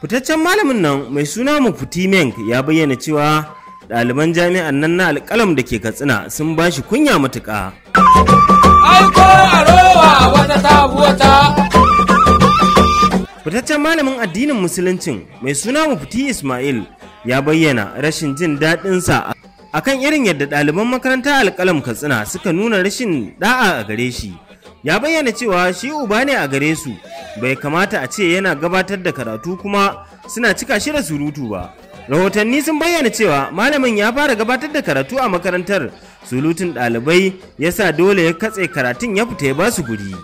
fitaccen malamin nan mai suna mafuti meng ya bayyana cewa ɗaliban jami'an nan na alƙalam da ke katsina sun ba shi kunya matuƙa. fitaccen malamin addinin musuluncin mai suna mafuti ismail ya bayyana rashin jin daɗinsa a kan irin yadda ɗaliban makaranta alƙalam katsina suka nuna rashin da'a a gare shi ya bayyana cewa shi uba ne a gare su bai kamata a ce yana gabatar da karatu kuma suna cika shi da surutu ba rahotanni sun bayyana cewa malamin ya fara gabatar da karatu a makarantar surutun ɗalibai ya sa dole ya katse karatun ya fita ya ba su guri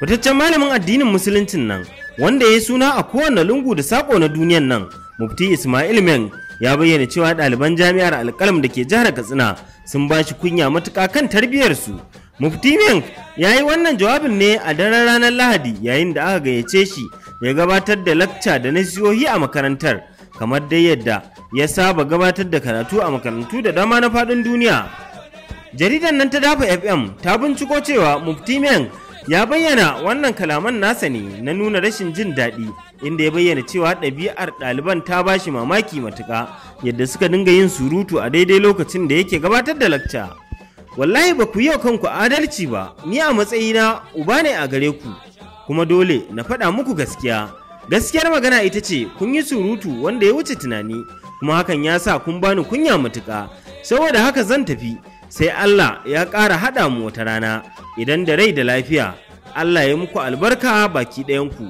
fitaccen malamin addinin musuluncin nan wanda ya suna a kowane lungu da saƙo na duniyan nan mufti ismail meng ya bayyana cewa ɗaliban jami'ar alƙalam da ke jihar katsina sun ba shi kunya matuƙa kan tarbiyyarsu mufti ya yi wannan jawabin ne a daren ranar lahadi yayin da aka gayyace shi ya gabatar da lakca da nasihohi a makarantar kamar dai yadda ya saba gabatar da karatu a makarantu da dama na faɗin duniya jaridar nan ta dafa fm ta binciko cewa mufti ya bayyana wannan kalaman nasa ne na nuna rashin jin daɗi inda ya bayyana cewa ɗabi'ar ɗaliban ta ba shi mamaki matuka, yadda suka dinga yin surutu a daidai lokacin da yake gabatar da lakca wallahi ba ku yi wa kanku adalci ba ni a matsayina uba ne a gare ku kuma dole na faɗa muku gaskiya gaskiyar magana ita ce kun yi surutu wanda ya wuce tunani kuma hakan ya sa kun bani kunya matuka, saboda haka zan tafi sai Allah ya ƙara haɗa mu wata rana idan da rai da lafiya Allah ya muku albarka baki ɗayanku.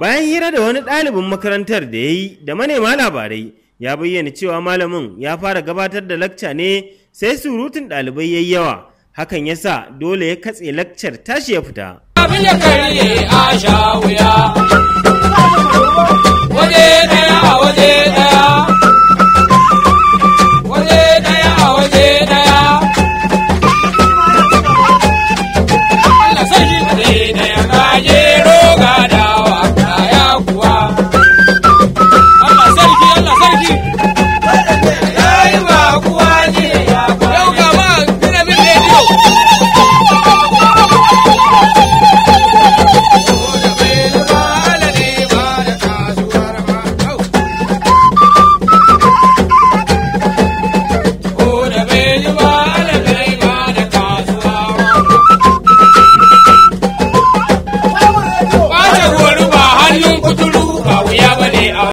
Bayan hira da wani ɗalibin makarantar da ya yi da manema labarai ya bayyana cewa malamin ya fara gabatar da lakca ne sai surutun ɗalibai ya yawa hakan ya sa dole ya katse lakcar tashi ya fita. Abin da kare a sha wuya